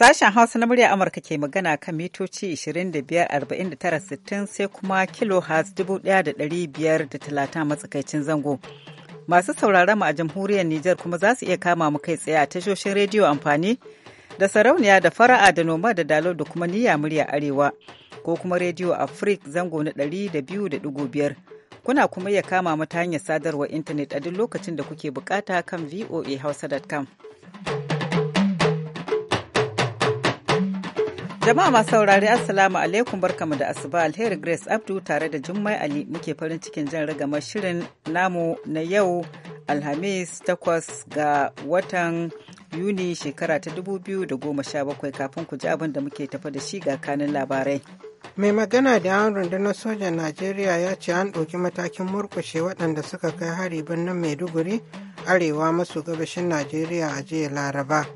Sashen Hausa na murya Amurka ke magana kan mitoci sittin sai kuma kilohertz 1,530 matsakaicin zango. Masu sauraron mu a jamhuriyar Nijar kuma za su iya kama mu kai tsaye a tashoshin rediyo amfani da sarauniya da fara'a da noma da dalo da kuma niyya murya arewa ko kuma rediyo Afrik zango na 200.5. Kuna kuma iya kama mu ta hanyar sadarwar intanet a duk lokacin da kuke bukata kan voahausa.com. Jama'a masu saurari Assalamu alaikum barkamu da asuba alheri Grace Abdu tare da Jummai Ali muke farin cikin jan ragamar shirin namu na yau Alhamis takwas ga watan Yuni shekara ta dubu biyu da goma sha bakwai, kafin ku ji abin da muke tafi da shi ga kanin labarai. Mai magana da an rundunar sojan Najeriya ya ce an ɗauki matakin murkushe waɗanda suka kai hari birnin Maiduguri arewa maso gabashin Najeriya a jiya Laraba.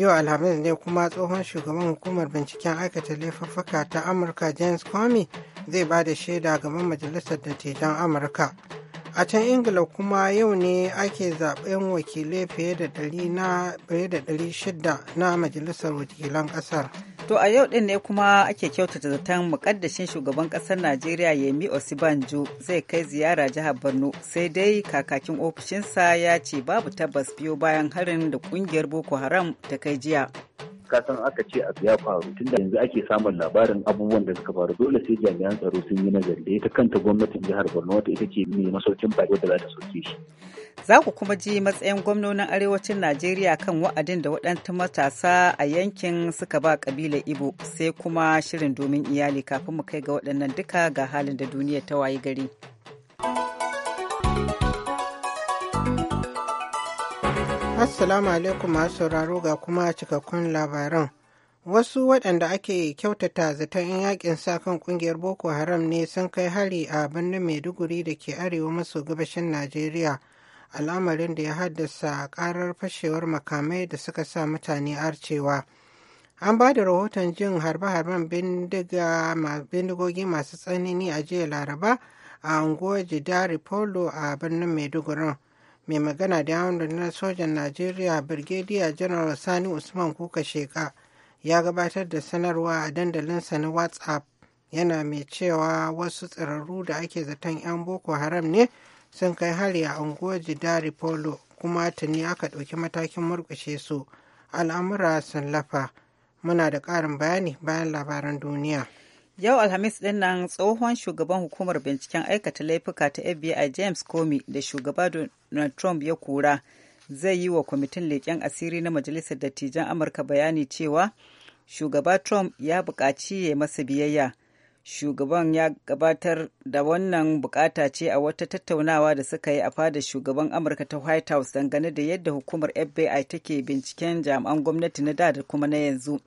yau alhamis ne kuma tsohon shugaban hukumar binciken aikata laifuffuka ta amurka james comey zai ba da shaida gaban majalisar dattijan amurka a can ingila kuma yau ne ake zaben wakilai fiye da ɗari na fiye da ɗari shida na majalisar wakilan ƙasar to a yau ɗin ne kuma ake kyautata zaton mukaddashin shugaban ƙasar najeriya yemi osibanjo zai kai ziyara jihar borno sai dai kakakin ofishinsa ya ce babu tabbas biyo bayan harin da ƙungiyar boko haram ta kai jiya ka san aka ce abu ya faru tunda yanzu ake samun labarin abubuwan da suka faru dole sai jami'an tsaro sun yi nazari da ita kanta gwamnatin jihar Borno wata ita ce mai masaukin fage da za ta soke shi. Za ku kuma ji matsayin gwamnonin arewacin Najeriya kan wa'adin da waɗanta matasa a yankin suka ba kabila Ibo sai kuma shirin domin iyali kafin mu kai ga waɗannan duka ga halin da duniya ta wayi gari. Assalamu alaikum masu sauraro ga kuma cikakkun labaran. Wasu waɗanda ake kyautata zaton 'yan yakin sa kan ƙungiyar Boko Haram ne sun kai hari a birnin Maiduguri da ke arewa maso gabashin Najeriya, al'amarin da ya haddasa ƙarar fashewar makamai da suka sa mutane arcewa. An ba da rahoton jin harbe-harben bindigogi masu tsanani a jiya Laraba a unguwar Jidari Polo a birnin Maidugurin. mai magana da yawon rundunar sojan najeriya birgediya general sani usman kuka sheka ya gabatar da sanarwa a dandalinsa na whatsapp yana mai cewa wasu tsirarru da ake zaton 'yan boko haram ne sun kai hari a unguwar Dari polo kuma tuni aka ɗauki matakin murƙushe su al'amura sun lafa muna da ƙarin bayani bayan labaran duniya Yau Alhamis din nan tsohon shugaban hukumar binciken aikata laifuka ta FBI James Comey da shugaba Donald Trump ya kura zai yi wa kwamitin leƙen asiri na Majalisar Dattijan Amurka bayani cewa shugaba Trump ya buƙaci ya masa biyayya. Shugaban ya gabatar da wannan bukata ce a wata tattaunawa da suka yi a fadar shugaban Amurka ta White House dangane da yadda hukumar FBI take binciken jami'an gwamnati na da da kuma na yanzu.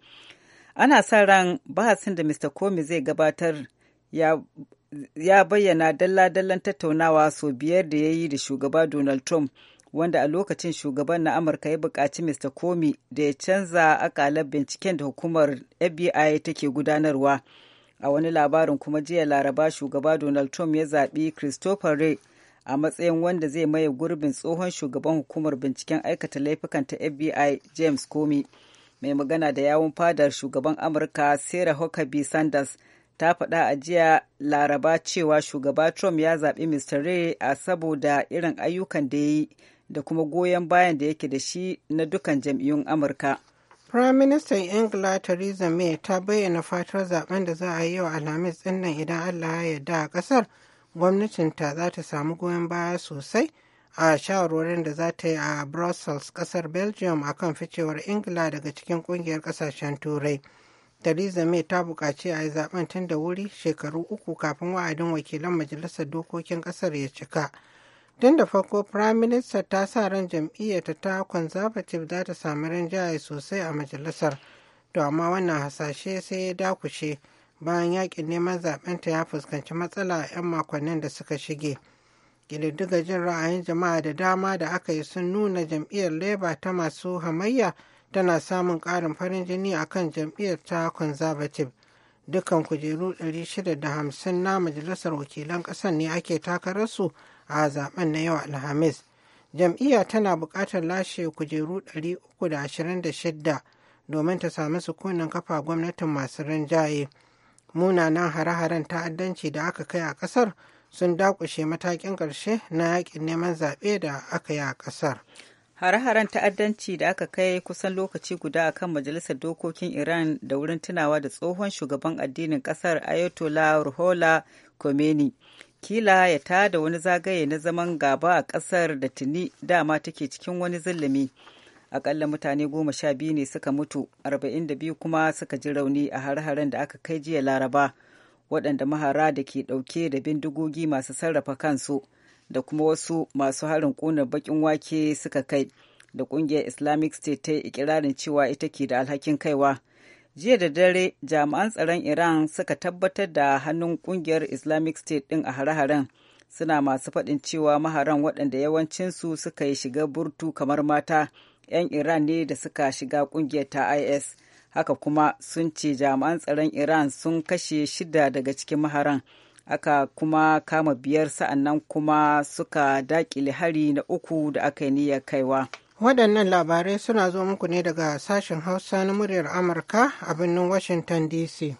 ana sa ran bahasin da mr comey zai gabatar ya ya bayyana dalla-dallan tattaunawa sau biyar da ya yi da shugaba donald trump wanda a lokacin shugaban na amurka ya buƙaci mr comey da ya canza akalar binciken da hukumar fbi take gudanarwa a wani labarin kuma jiya laraba shugaba donald trump ya zaɓi christopher ray a matsayin wanda zai maye gurbin tsohon shugaban hukumar binciken aikata laifukan ta fbi james comey mai magana da yawun fadar shugaban amurka sarah huckabee sanders ta faɗa a jiya laraba cewa shugaba trump ya zaɓi mr ray a saboda irin ayyukan da ya yi da kuma goyon bayan da yake da shi na dukan jam'iyyun amurka Prime Minister Ingila Theresa May ta bayyana fatar zaben da za a yi wa Alhamis dinnan idan Allah ya yarda a ƙasar gwamnatinta za ta samu goyon baya sosai a shawarwarin da za ta yi a brussels kasar belgium a kan ficewar ingila daga cikin kungiyar kasashen turai theresa may ta buƙaci a yi zaben tun da wuri shekaru uku kafin wa'adin wakilan majalisar dokokin kasar ya cika tun da farko prime minister ta sa ran jam'iyyata ta conservative za ta sami rinjaye sosai a majalisar to amma wannan hasashe sai ya dakushe bayan yakin neman zaɓenta ya fuskanci matsala a 'yan makonnin da suka shige. ƙididdiga jin ra'ayin jama'a da dama da aka yi sun nuna jam'iyyar labour ta masu hamayya tana samun ƙarin farin jini a kan jam'iyyar ta conservative dukkan kujeru 650 na majalisar wakilan ƙasar ne ake takararsu a zaben na yau alhamis jam'iyya tana buƙatar lashe kujeru 326 domin ta sami sukunin kafa gwamnatin masu rinjaye munanan hare-haren ta'addanci da aka kai a ƙasar sun dakushe matakin ƙarshe na yakin neman zaɓe da aka yi a ƙasar. Hare-haren ta'addanci da aka kai kusan lokaci guda a kan Majalisar Dokokin Iran da wurin tunawa da tsohon shugaban addinin ƙasar Ayatollah Ruhola Khomeini. Kila ya ta da wani zagaye na zaman gaba a ƙasar da tuni dama take cikin wani zulumi. Akalla mutane goma sha biyu ne suka mutu, arba'in da biyu kuma suka ji rauni a hare-haren da aka kai jiya Laraba. waɗanda mahara da ke ɗauke da bindigogi masu sarrafa kansu da kuma wasu masu harin ƙunar baƙin wake suka kai da ƙungiyar islamic state ta yi ikirarin cewa ita ke da alhakin kaiwa jiya da dare jami'an tsaron iran suka tabbatar da hannun ƙungiyar islamic state ɗin a hare-haren suna masu faɗin cewa maharan waɗanda yawancinsu suka yi shiga burtu kamar mata 'yan iran ne da suka shiga ƙungiyar ta is haka kuma sun ce jami'an tsaron iran sun kashe shida daga cikin maharan aka kuma kama biyar sa'annan kuma suka dakile hari na uku da aka yi niyyar kaiwa waɗannan labarai suna zo muku ne daga sashen hausa na muryar amurka a birnin washington dc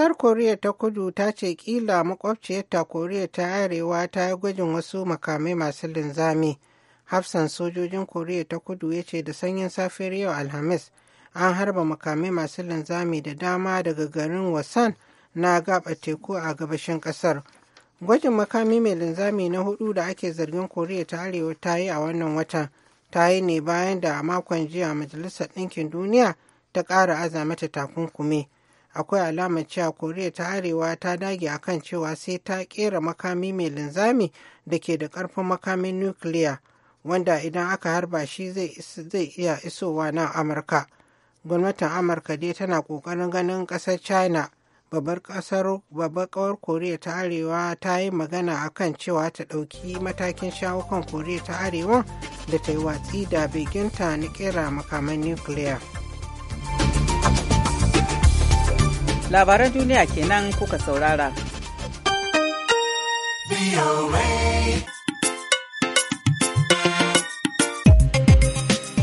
Kasar Koriya ta kudu ta ce kila makwabciyarta Koriya ta arewa ta yi gwajin wasu makamai masu linzami. Hafsan sojojin Koriya ta kudu ya ce da sanyin safiyar yau Alhamis an harba makamai masu linzami da dama daga garin Wasan na gaba teku a gabashin ƙasar. Gwajin makami mai linzami na hudu da ake zargin Koriya ta arewa ta yi a wannan watan ta yi ne bayan da a makon jiya Majalisar Ɗinkin Duniya ta ƙara aza mata takunkumi. akwai alamar cewa koriya ta arewa ta dage akan cewa sai ta kera makami mai linzami da ke da karfin makamin nukiliya wanda idan aka harba shi zai iya isowa na amurka gwamnatin amurka dai tana kokarin ganin kasar china babbar kasar babbar kawar koriya ta arewa ta yi magana akan cewa ta ɗauki matakin shawo kan koriya ta arewa da ta yi watsi da beginta na kera makaman nukiliya. labaran duniya kenan kuka saurara.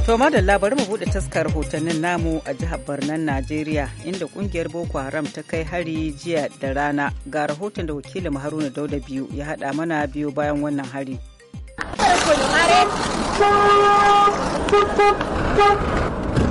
To da bari mu buɗe taskar hotonnin namu a jihar Barnan Najeriya inda kungiyar Boko Haram ta kai hari jiya da rana ga rahoton da wakilin Haruna Dauda biyu ya haɗa mana biyu bayan wannan hari.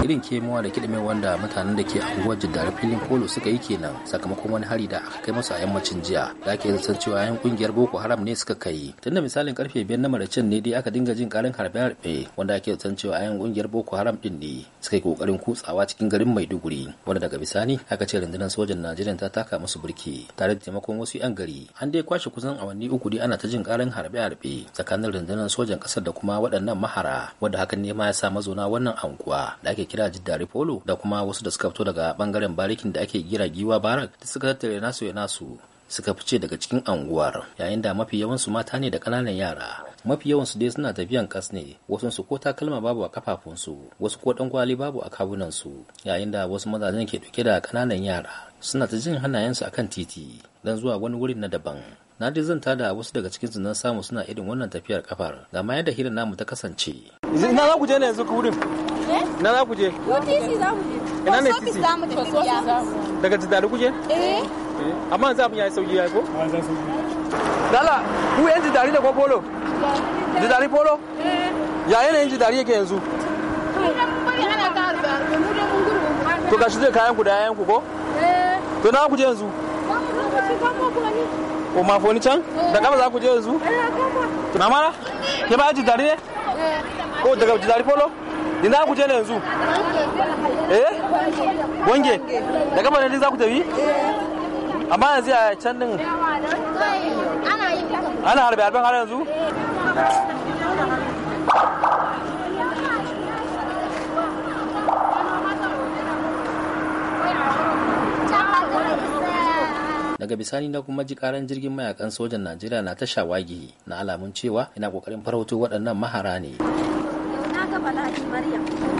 irin kemawa da kiɗime wanda mutanen da ke anguwar dare filin polo suka yi kenan sakamakon wani hari da aka kai masu a yammacin jiya da ake zancen cewa yan kungiyar boko haram ne suka kai tunda misalin karfe biyar na maracin ne dai aka dinga jin karin harbe-harbe wanda ake zancen cewa yan kungiyar boko haram din ne suka yi kokarin kutsawa cikin garin maiduguri wanda daga bisani aka ce rundunar sojan najeriya ta taka musu birki tare da taimakon wasu yan gari an dai kwashe kusan awanni uku dai ana ta jin karin harbe-harbe tsakanin rundunar sojan kasar da kuma waɗannan mahara wanda hakan ne ma ya sa mazauna wannan anguwa da ake kira jiddari polo da kuma wasu da suka fito daga bangaren barikin da ake gira giwa barak da suka tattare nasu ya nasu suka fice daga cikin anguwar yayin da mafi yawansu mata ne da ƙananan yara mafi yawansu dai suna tafiyan kas ne wasu su ko takalma babu a kafafunsu wasu ko dan kwali babu a kawunansu yayin da wasu mazajen ke dauke da ƙananan yara suna ta jin hannayensu akan titi dan zuwa wani wurin na daban na ji zan tada wasu daga cikin su samu suna irin wannan tafiyar kafar ga ma yadda hirin namu ta kasance ina za ku je ne yanzu ku wurin Eh? Na za ku je? OTC za mu je. Ina ne titi? za mu tafi Daga Jidari ku je? Eh? eh. Amma yanzu abin yi sauki ya ko? Dala, ku yan Jidari ne ko Polo? Jidari Polo? Eh. Ya yanayin Jidari yake yanzu? To gashi zai kayan ku da yayan ku ko? To na ku je yanzu? O ma foni can? Da kama za ku je yanzu? Mama na? Ke ba Jidari ne? Ko oh, daga Jidari Polo? dina ku je ne yanzu? Eh? Wange. Da gaba ne za ku tafi? Amma yanzu a can din. Ana harbe harben har yanzu? daga bisani na kuma ji karan jirgin mayakan sojan najeriya na ta shawagi na alamun cewa yana kokarin farauto waɗannan mahara ne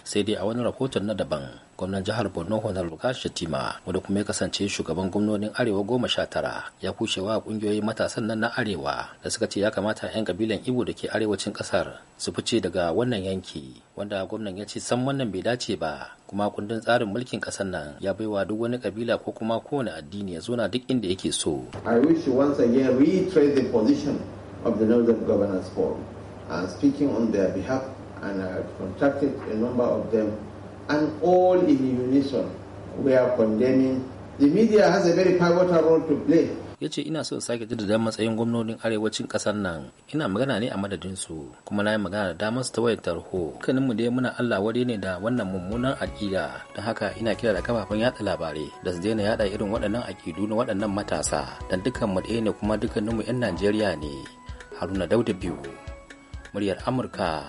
sai dai a wani rahoton na daban gwamnan jihar borno honar buka shatima wanda kuma ya kasance shugaban gwamnonin arewa goma sha tara ya kushewa kungiyoyin matasan nan na arewa da suka ce ya kamata 'yan kabilan ibo da ke arewacin kasar su fice daga wannan yanki wanda gwamnan ya ce san wannan bai dace ba kuma kundin tsarin mulkin kasar nan ya baiwa duk wani kabila ko kuma kowane addini ya zona duk inda yake so i wish to once again reiterate the position of the northern governance forum and uh, speaking on their behalf and I contacted a number of them, and all in unison are condemning. The media has a very pivotal role to play. ya ce ina son sake jirgin matsayin gwamnonin arewacin kasar nan ina magana ne a madadinsu kuma na yi magana da damar su ta wayar tarho dukkaninmu dai muna allah wadai ne da wannan mummunan aƙida don haka ina kira da kafafen yada labarai da su daina yada irin waɗannan aƙidu na waɗannan matasa don dukkan mu ne kuma dukkaninmu 'yan najeriya ne haruna dauda biyu muryar amurka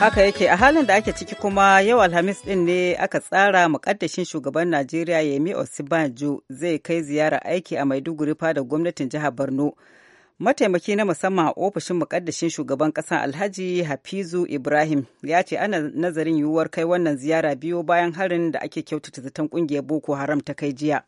Haka yake a halin da ake ciki kuma yau Alhamis din ne aka tsara mukaddashin shugaban Najeriya Yemi Osibanjo zai kai ziyara aiki a Maiduguri fadar gwamnatin jihar Borno. Mataimaki na musamman a ofishin mukaddashin shugaban ƙasa Alhaji Hafizu Ibrahim ya ce ana nazarin yiwuwar kai wannan ziyara biyo bayan harin da ake kyautata zaton ƙungiyar Boko Haram ta kai jiya.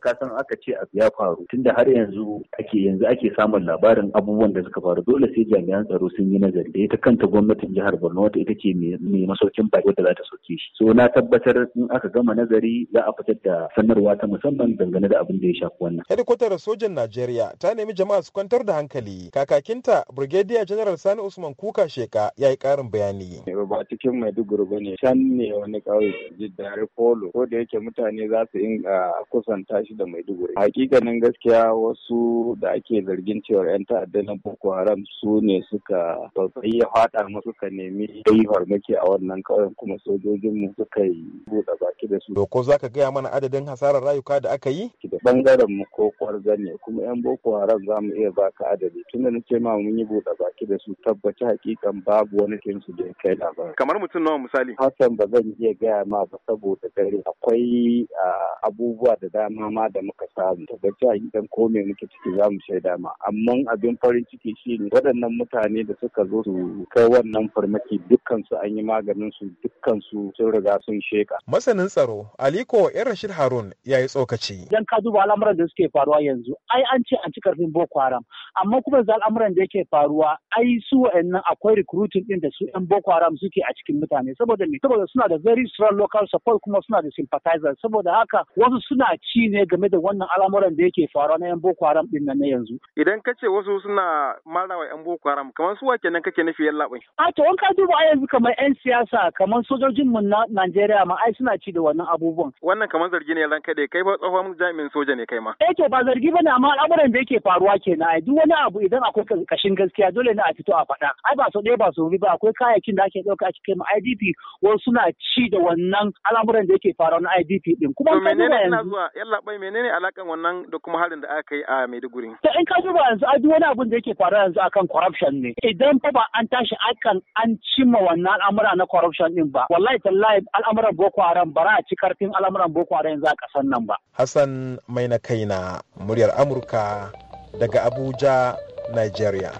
ka san aka ce abu ya faru tunda har yanzu ake yanzu ake samun labarin abubuwan da suka faru dole sai jami'an tsaro sun yi nazari da ita kanta gwamnatin jihar Borno wata ita ce mai masaukin baki da za ta soke shi so na tabbatar in aka gama nazari za a fitar da sanarwa ta musamman dangane da abin da ya shafi wannan hedikwatar sojan Najeriya ta nemi jama'a su kwantar da hankali kakakinta brigadier general Sani Usman Kuka Sheka ya yi karin bayani ba cikin Maiduguri bane can ne wani kauye jiddare Polo ko da yake mutane za su inga kusanta shi da Maiduguri. Hakikanin gaskiya wasu da ake zargin cewar 'yan ta'adda na Boko Haram su ne suka tsautsayi ya fada mu suka nemi yi farmaki a wannan kauyen kuma sojojin mu suka yi buɗe baki da su. Ko za ka gaya mana adadin hasarar rayuka da aka yi? Da bangaren mu ko kwarza ne kuma 'yan Boko Haram za mu iya baka adadi tun da nace ma mun yi buɗe baki da su tabbaci hakikan babu wani kinsu da ya kai labarin. Kamar mutum nawa misali? Hassan ba zan iya gaya ma ba saboda dare akwai ah, abubuwa da dama dama da muka samu to gaskiya idan ko me muke ciki za mu shaida ma amma abin farin ciki shi ne waɗannan mutane da suka zo su kai wannan farmaki dukkan su an yi maganin su dukkan su sun riga sun sheka masanin tsaro aliko yan rashid harun ya yi tsokaci idan ka duba al'amuran da suke faruwa yanzu ai an ce an ci karfin boko haram amma kuma yanzu al'amuran da yake faruwa ai su wa'annan akwai recruiting din da su yan boko haram suke a cikin mutane saboda me saboda suna da very strong local support kuma suna da sympathizers saboda haka wasu suna ci ne game da wannan al'amuran da yake faruwa na 'yan Boko Haram din nan na yanzu. Idan ka ce wasu suna marawa 'yan Boko Haram kamar su wake nan kake nufi yallaɓai. A to wanka duba a yanzu kamar 'yan siyasa kamar sojojin mu na Najeriya ma ai suna ci da wannan abubuwan. Wannan kamar zargi ne ranka kai kai ba tsohon jami'in soja ne kai ma. Eh to ba zargi bane amma al'amuran da yake faruwa kenan duk wani abu idan akwai kashin gaskiya dole ne a fito a faɗa. Ai ba so ɗaya ba so biyu ba akwai kayayyakin da ake ɗauka a cikin ma IDP wasu suna ci da wannan al'amuran da yake faruwa na IDP din. Kuma kan mai menene alakan wannan da kuma harin da aka yi a Maiduguri? Ta in ka duba yanzu a duk wani abin da yake faruwa yanzu akan corruption ne. Idan fa ba an tashi akan an cimma wannan al'amura na corruption din ba. Wallahi tallahi al'amuran Boko Haram bara a ci karfin al'amuran Boko Haram yanzu a kasan nan ba. Hassan mai na kaina muryar Amurka daga Abuja, Nigeria.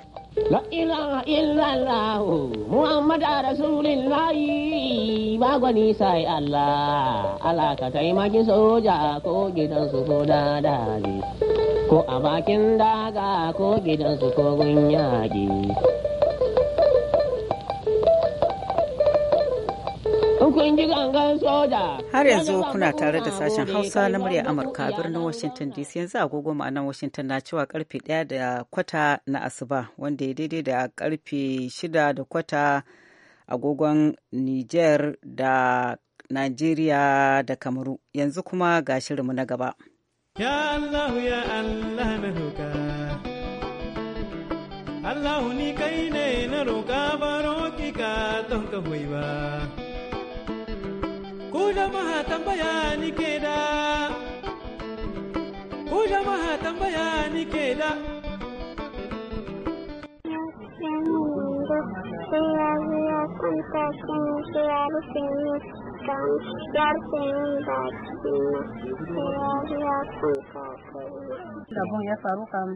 La ilaha illallah Muhammad a ba gwani sai Allah ala ka taimaki soja ko su ko dadali ko a bakin daga ko su ko gun Har yanzu kuna tare da sashen Hausa na murya Amurka a birnin Washington DC yanzu agogo ma'anar Washington na cewa karfe 1 da kwata na Asuba wanda ya daidai da karfe 6 da kwata agogon Niger da Nigeria da Kamaru yanzu kuma ga shirinmu na gaba. Ya Allah ya Allah na roka. Allah ni kai ne na roka baro ki ka don ka ba. ku jama'a tambaya ni ke da ku jama'a tambaya ni ke da Sai ya ya kwanta ya rufe ya ya ya faru kan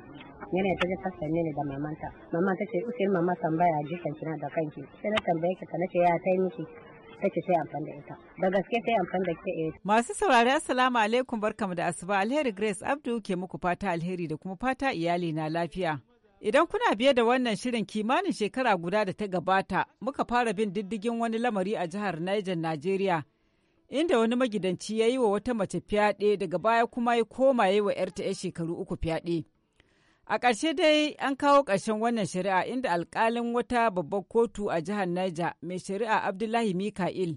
yana ta ji kasan ne da mamanta. Mama ta ce, Usain mama tambaya jikin kina da kanki. Sai na tambaye ki ta nace ya ta yi miki. take sai amfani da ita da gaske sai amfani da eh. masu saurari assalamu alaikum barkamu da asuba alheri grace abdu ke muku fata alheri da kuma fata iyali na lafiya Idan kuna biye da wannan shirin kimanin shekara guda da ta gabata, muka fara bin diddigin wani lamari a jihar Niger, Najeriya, inda wani magidanci ya yi wa wata mace fyaɗe daga baya kuma ya koma ya yi wa 'yarta 'ya shekaru uku fyaɗe. A ƙarshe dai an kawo ƙarshen wannan shari'a inda alƙalin wata babbar kotu a jihar Niger mai shari'a Abdullahi Mika'il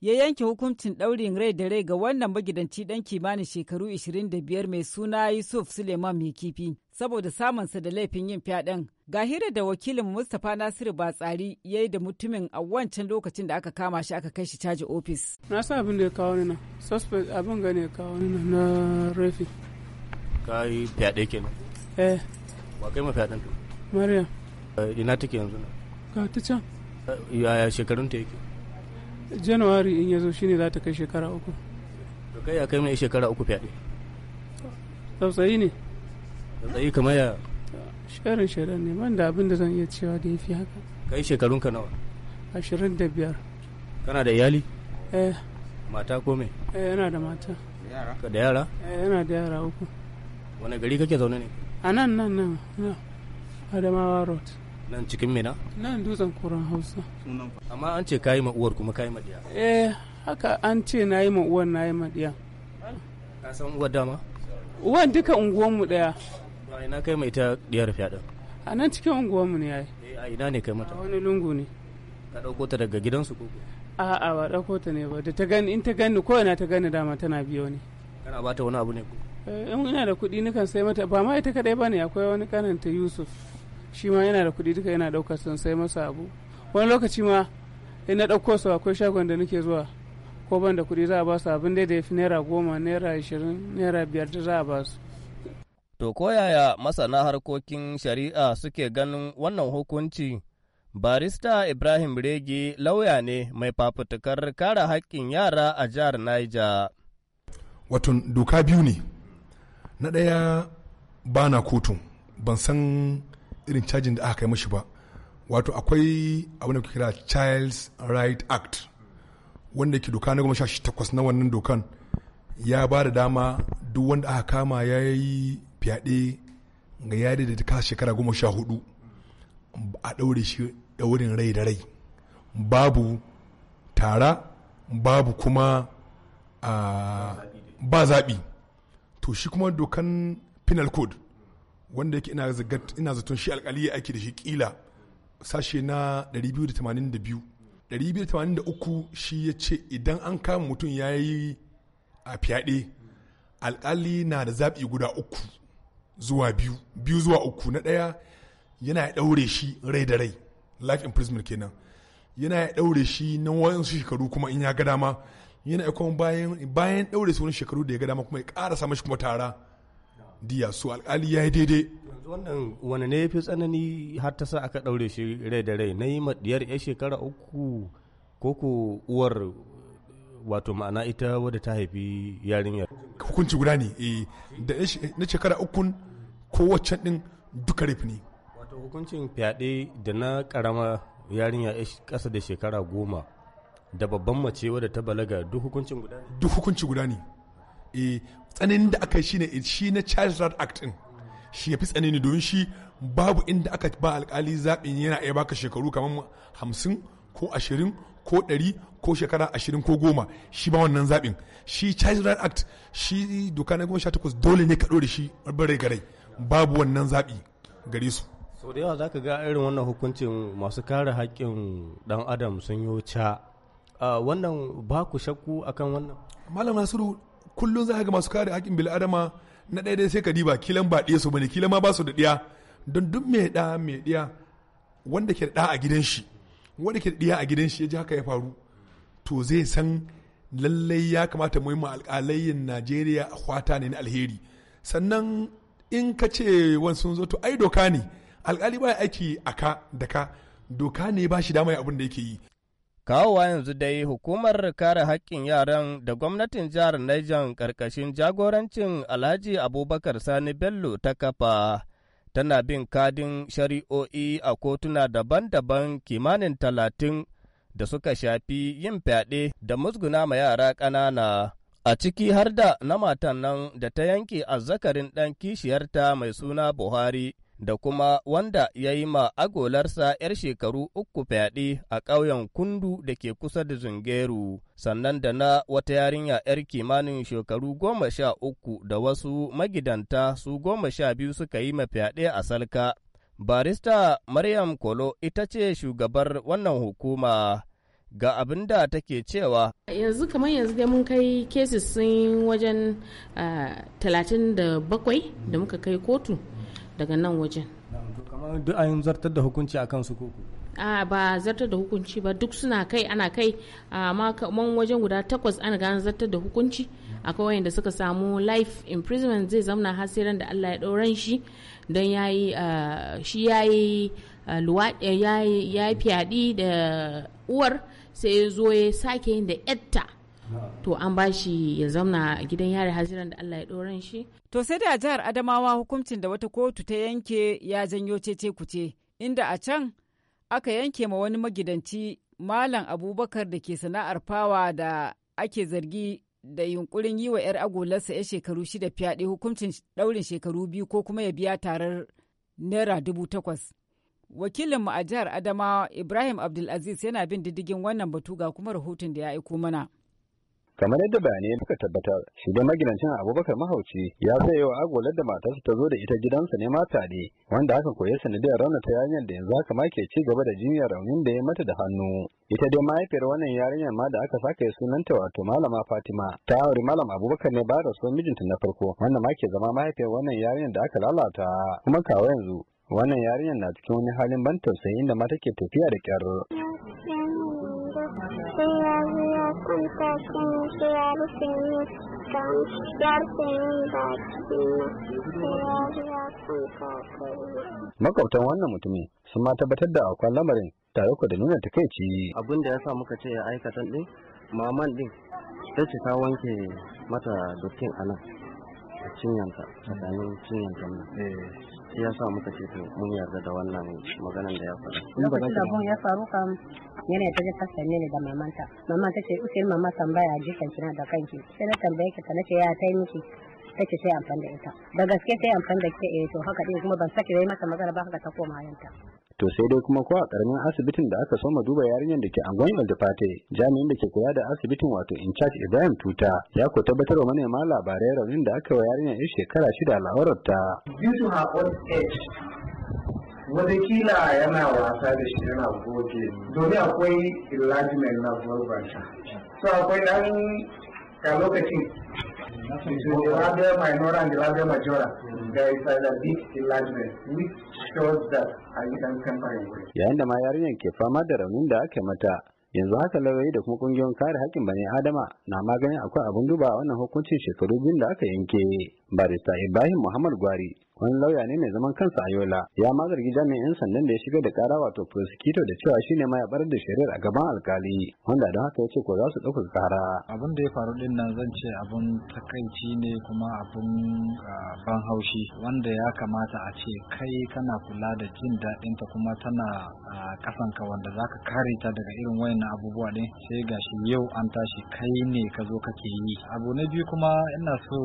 ya yanke hukuncin ɗaurin rai da rai ga wannan magidanci ɗan kimanin shekaru 25 mai suna Yusuf Suleiman mai kifi saboda samunsa da laifin yin fyaɗen. Ga hira da wakilin Mustapha Nasiru Batsari ya yi da mutumin a wancan lokacin da aka kama shi aka kai shi caji ofis. Na sa abin da ya kawo ni nan, suspect abin gane ya kawo ni na rafi. Ka yi fyaɗe kenan. eh kai mafi haɗin maryam eh, ina take yanzu na ka ta can eh, yaya shekarun ta yake januwari in yazo shi shine za ta kai shekara uku to kai ya kai mai shekara uku fyaɗe tsautsayi ne tsautsayi kamar ya sharin sharin ne ban da abin da zan iya cewa da ya fi haka kai shekarun ka nawa ashirin da biyar kana da iyali eh mata ko me eh yana da mata da yara ka da yara eh yana da yara uku wani gari kake zaune ne a nan nan nan adamawa road nan cikin mina nan dutsen kuran hausa amma an ce kayi uwar kuma kayi maɗiya eh haka an ce na yi uwar na yi maɗiya ka san uwar dama uwar duka unguwanmu ɗaya ba ina kai mai ta diyar fyaɗin a nan cikin unguwanmu ne yayi eh, a ina ne kai mata a wani lungu ne ka ɗauko ta daga gidansu ko a'a ba ɗauko ta ne ba da ta gani in ta gani ko ina ta gani dama tana biyo ne kana ba ta wani abu ne ko Eh, in ina da kuɗi kan sai mata ba ma ita kadai bane akwai wani kananta yusuf shi ma yana da kuɗi duka yana daukar sun sai masa abu wani lokaci ma ina dauko su akwai shagon da nake zuwa ko ban da kuɗi za a ba su abin da ya fi naira goma naira ashirin naira biyar da za a ba su. to koyaya masana harkokin shari'a suke ganin wannan hukunci barista ibrahim rege lauya ne mai fafutukar kare hakkin yara a jihar niger. wato doka biyu ne na ɗaya ba na kotu ban san irin cajin da aka kai mashi ba wato akwai abin da kira child's right act wanda ke doka na goma sha takwas na wannan dokan ya ba da dama duk wanda aka kama ya yi fyaɗe ga yari da ta shekara goma sha hudu a ɗaure shi ɗaurin rai da rai babu tara babu kuma ah, ba zaɓi to shi kuma dokan penal code wanda yake ina zaton shi alkali ya aiki da shi kila sashe na 282 283 shi ya ce idan an kama mutum ya yi a fyaɗe alkali na da zaɓi guda uku zuwa biyu biyu zuwa uku na ɗaya yana ya ɗaure shi rai da rai life imprisonment kenan yana ya ɗaure shi na wayansu shekaru kuma in ya ga dama yana ikon bayan bayan daure su wani shekaru da ya ga dama kuma ya samun shi kuma tara diya su alƙali ya yi daidai wannan wani ne ya fi tsanani har ta sa aka daure shi rai da rai na yi maɗiyar ya shekara uku ko ko uwar wato ma'ana ita wadda ta haifi yarinyar hukunci guda ne eh, da na shekara uku ko waccan din duka ne wato hukuncin fyaɗe da na ƙarama yarinya ƙasa da shekara goma da babban mace wadda ta balaga duk hukuncin guda ne duk hukunci guda ne e tsananin da aka yi shine shi na Child rat Act din shi ya fi tsanani don shi babu inda aka ba alkali zaɓin yana iya baka shekaru kamar hamsin ko ashirin ko ɗari ko shekara ashirin ko goma shi ba wannan zaɓin shi child rat act shi doka na goma sha takwas dole ne ka ɗore shi ɓarɓare garai babu wannan zaɓi gare su sau da yawa za ka ga irin wannan hukuncin masu kare haƙƙin ɗan adam sun yi ca wannan ba ku shakku akan wannan malam nasiru kullum za ga masu kare haƙƙin bil'adama na ɗaya dai sai ka diba kilan ba ɗaya su bane kilan ma ba su da ɗiya don duk mai ɗa mai ɗiya wanda ke da ɗa a gidan shi wanda ke da ɗiya a gidan shi ya ji haka ya faru to zai san lallai ya kamata mu yi ma alƙalayin Najeriya a kwata ne na alheri sannan in ka ce wani sun zo to ai doka ne alƙali ba aiki a ka da ka doka ne ba shi dama abin da yake yi Kawowa yanzu dai hukumar kare haƙƙin yaran da gwamnatin jihar Niger ƙarƙashin jagorancin Alhaji Abubakar Sani Bello ta kafa tana bin kadin shari'o'i a kotuna daban-daban kimanin talatin da suka shafi yin fyaɗe da musguna ma yara ƙanana. A ciki har da na matan nan da ta yanke azzakarin ɗan kishiyarta mai suna Buhari. da kuma wanda ya yi ma agolarsa 'yar shekaru uku fyaɗe a ƙauyen kundu da ke kusa da zungeru sannan da na wata yarinya 'yar kimanin shekaru goma sha uku da wasu magidanta su goma sha biyu suka yi ma fyaɗe a salka barista maryam kolo ita ce shugabar wannan hukuma ga abin da take cewa yanzu kamar yanzu dai mun kai cases sun wajen 37 ah, da muka kai kotu daga nan wajen kamar duk an zartar da hukunci akan su koko a ba zartar da hukunci ba duk suna kai ana kai amma kaman wajen guda takwas ana gane zartar da hukunci akwai wayanda suka samu life imprisonment zai zamna hasiran da Allah ya ɗauran shi don yayi shi yayi luwaɗi ya yi fyaɗi da uwar sai ya zo ya sake yin da yatta to an bashi ya zauna a gidan yari haziran da Allah ya doran shi. To sai da jihar Adamawa hukuncin da wata kotu ta yanke ya janyo cece kuce inda a can aka yanke ma wani magidanci Malam Abubakar da ke sana'ar fawa da ake zargi da yunkurin yi wa 'yar agolarsa ya shekaru shida fyaɗe hukuncin ɗaurin shekaru biyu ko kuma ya biya tarar naira dubu takwas. Wakilinmu a jihar Adamawa Ibrahim Abdulaziz yana bin diddigin wannan batu ga kuma rahoton da ya aiko mana. kamar yadda bayanai suka tabbatar shi da magidancin abubakar mahauci ya sai wa agwalar da matarsa ta zo da ita gidansa ne mata ne wanda aka koya sanadiyar ta yarinyar da yanzu haka ke ci gaba da jinyar raunin da ya mata da hannu ita dai mahaifiyar wannan yarinyar ma da aka saka ya sunanta wato malama fatima ta aure malam abubakar ne ba da son mijinta na farko wanda ma ke zama mahaifiyar wannan yarinyar da aka lalata kuma kawo yanzu wannan yarinyar na cikin wani halin ban tausayi inda ma take tafiya da kyar kunta makwabtan wannan mutumin sun ma tabbatar da akwai lamarin tare ku da nuna takaici abin da ya sa muka ce ya aikatan din maman din ta ce ta wanke mata dottin a nan a cinyanta tsakanin cinyanta nan eh. ya sa muka ce to mun yarda da wannan maganan da ya faru lokacin da abun ya faru ka yana ta ji kasan ne da mamanta mama ta ce usain mama tambaya jikan kina da kanki sai na tambaye ki ta nace ya tai miki ce sai amfani da ita da gaske sai amfani da ke eh to haka din kuma ban sake dai mata magana ba haka ta koma yanta to sai dai kuma ko a karamin asibitin da aka soma duba yarinyar da ke angon Eldefate jami'in da ke kula da asibitin wato in charge Ibrahim Tuta ya ko tabbatar wa manema labarai raunin da aka wa yarinyar yan shekara shida la'aurar ta wadakila yana wasa da shi yana goge domin akwai enlargement na vulva so akwai dan ka lokacin labia minor and labia majora Yayin da ma yarinyar ke fama da raunin da aka mata yanzu haka lauyoyi da kuma kungiyoyin kare haƙƙin bani adama na maganin akwai abin duba a wannan hukuncin shekaru biyu da aka yanke barista ibrahim muhammad gwari wani lauya ne mai zaman kansa a yola ya ma zargi jami'in sandan da ya shiga da kara wato prosecutor da cewa shine ma ya barar da shari'ar a gaban alkali wanda don haka ya ce ko za su ɗauka kara abin da ya faru din nan zan ce abin takaici ne kuma abin ban haushi wanda ya kamata a ce kai kana kula da jin daɗinta kuma tana kasan ka wanda za ka kare ta daga irin wayannan abubuwa din sai gashi yau an tashi kai ne ka zo kake yi abu na biyu kuma ina so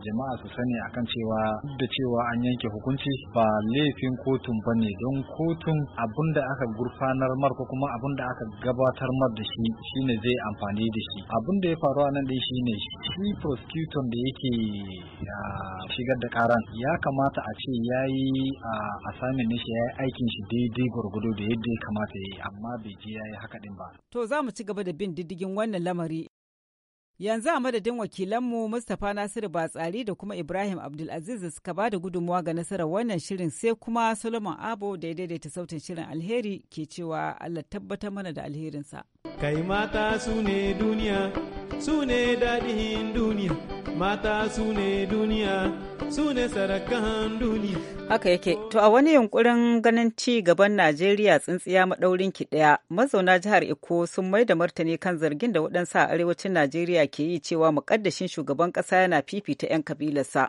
jama'a su sani akan cewa duk da cewa cewa an yanke hukunci ba laifin kotun ba ne don kotun abin da aka gurfanar mar ko kuma abin da aka gabatar mar da shi shine zai amfani da shi abin da ya faru a nan dai shine shi prosecutor da yake shigar da karan ya kamata a ce ya yi asamin ne shi ya yi aikin shi daidai gwargwado da yadda ya kamata ya yi amma bai je ya yi haka din ba. To za mu ci gaba da bin diddigin wannan lamari Yanzu a madadin wakilanmu Mustapha Nasiru Batsari da kuma Ibrahim Abdulaziz suka ba da gudunmawa ga nasarar wannan shirin sai kuma Solomon Abo da ya daidaita sautin shirin alheri ke cewa Allah tabbatar mana da alherinsa. Kai mata su ne duniya, su ne daɗin duniya, mata su ne duniya, su ne sarakan duniya. Haka yake, to a wani yunkurin ganin ci gaban Najeriya tsintsiya maɗaurin ki ɗaya, mazauna jihar Eko sun mai da martani kan zargin da waɗansa a arewacin Najeriya ke yi cewa muƙaddashin shugaban ƙasa yana fifita 'yan kabilarsa.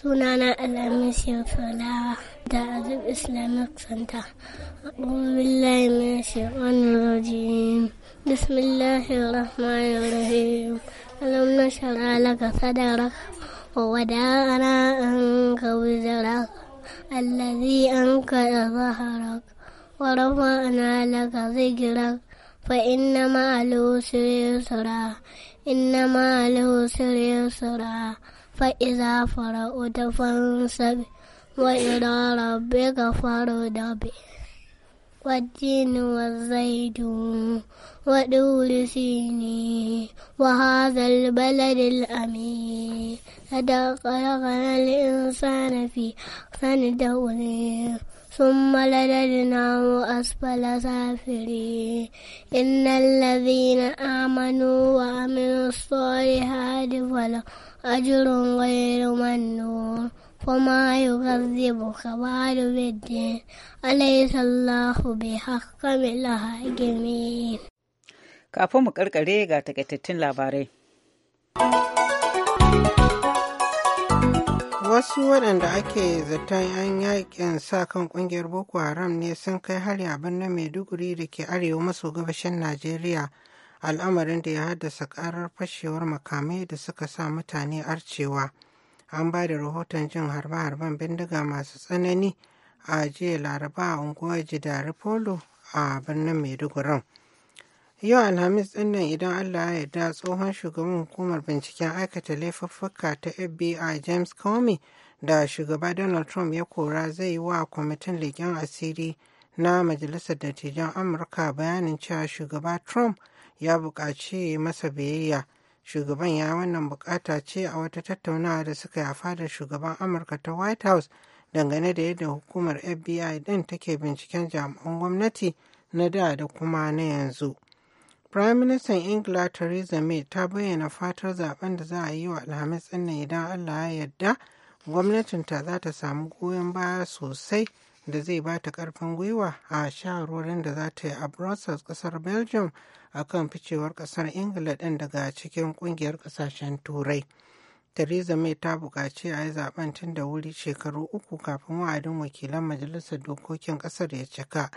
sunana ya falawa da azub islamic center billahi min shaitanir rajim bismillahir rahmanir rahim alam nashara laka sadrak wa wada'ana anka wizrak alladhi anka zahrak wa rafa'na laka zikrak fa inna ma'al yusra inna ma'al yusra فإذا فرغت فانصب وإلى ربك فارغب والتين والزيتون وطول سينين وهذا البلد الأمين لقد خلقنا الإنسان في أحسن تقويم ثم لددناه أسفل سافلين إن الذين آمنوا وعملوا الصالحات فلهم أجر غير ممنون وما يكذبك بعد بالدين أليس الله بحكم الله kafin mu karkare ga takaitattun labarai wasu waɗanda ake zaton 'yan yaƙin sa kan ƙungiyar boko haram ne sun kai hari a birnin maiduguri da ke arewa maso gabashin najeriya al'amarin da ya haddasa karar fashewar makamai da suka sa mutane arcewa an ba da rahoton jin harbe-harben bindiga masu tsanani a jiya laraba a unguwar jidari polo a birnin Maiduguri. yau alhamis dinnan idan allah ya yarda tsohon shugaban hukumar binciken aikata laifuffuka ta fbi james comey da shugaba donald trump ya kora zai yi wa kwamitin leƙen asiri na majalisar dattijan amurka bayanin cewa shugaba trump ya buƙaci masa biyayya shugaban ya wannan bukata ce a wata tattaunawa da suka yi a fadar shugaban amurka ta white house dangane da yadda hukumar fbi din take binciken jami'an gwamnati na da da kuma na yanzu prime minister ingila theresa may ta bayyana fatar zaben da za a yi wa alhamis nan idan allah ya yarda gwamnatinta za ta samu goyon baya sosai da zai ba ta karfin gwiwa a shawarorin da za ta yi a brussels kasar belgium a kan ficewar kasar ingila ɗin daga cikin kungiyar kasashen turai theresa may ta buƙaci a yi zaben tun da wuri shekaru uku kafin wa'adin wakilan majalisar dokokin ƙasar ya cika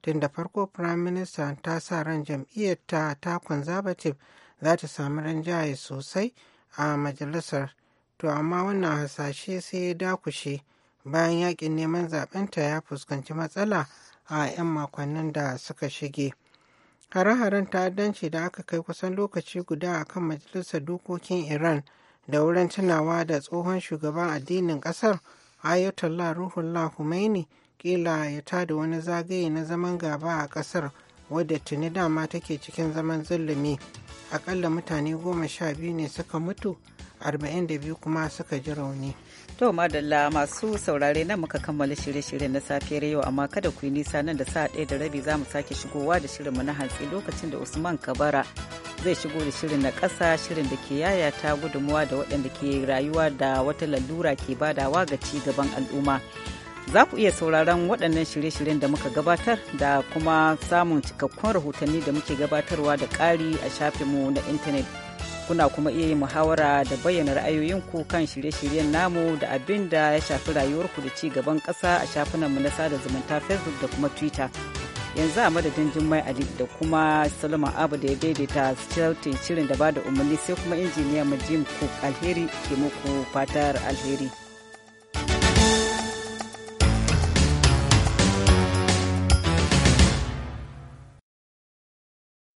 tun da farko prime minister ta sa ran jam'iyyar ta conservative za ta samu rinjaye sosai a majalisar to amma wannan hasashe sai ya dakushe bayan yakin neman zabenta ya fuskanci matsala a 'yan makonnin da suka shige. Hare-haren ta'addanci da aka kai kusan lokaci guda a kan Majalisar Dokokin Iran da wurin tunawa da tsohon shugaban addinin ƙasar Ayatollah Ruhullah humaini kila ya tada wani zagaye na zaman gaba a ƙasar wadda tuni dama take cikin zaman zulumi akalla mutane goma sha biyu ne suka mutu 42 kuma suka ji rauni. To madalla masu saurare nan muka kammala shirye-shirye na safiyar yau amma kada ku yi nisa nan da sa ɗaya da rabi za mu sake shigowa da shirinmu na hantsi lokacin da Usman Kabara zai shigo da shirin na ƙasa shirin da ke yayata gudunmuwa da waɗanda ke rayuwa da wata lalura ke badawa ga ci gaban al'umma. za ku iya sauraron waɗannan shirye-shiryen da muka gabatar da kuma samun cikakkun rahotanni da muke gabatarwa da ƙari a shafinmu na intanet kuna kuma iya yi muhawara da bayyana ra'ayoyinku kan shirye-shiryen namu da abin da ya shafi rayuwarku da ci gaban ƙasa a shafinanmu na sada zumunta facebook da kuma twitter yanzu a madadin jummai ali da kuma salama abu da ya daidaita shirin da ba da umarni sai kuma injiniya mu jim cook alheri ke muku fatar alheri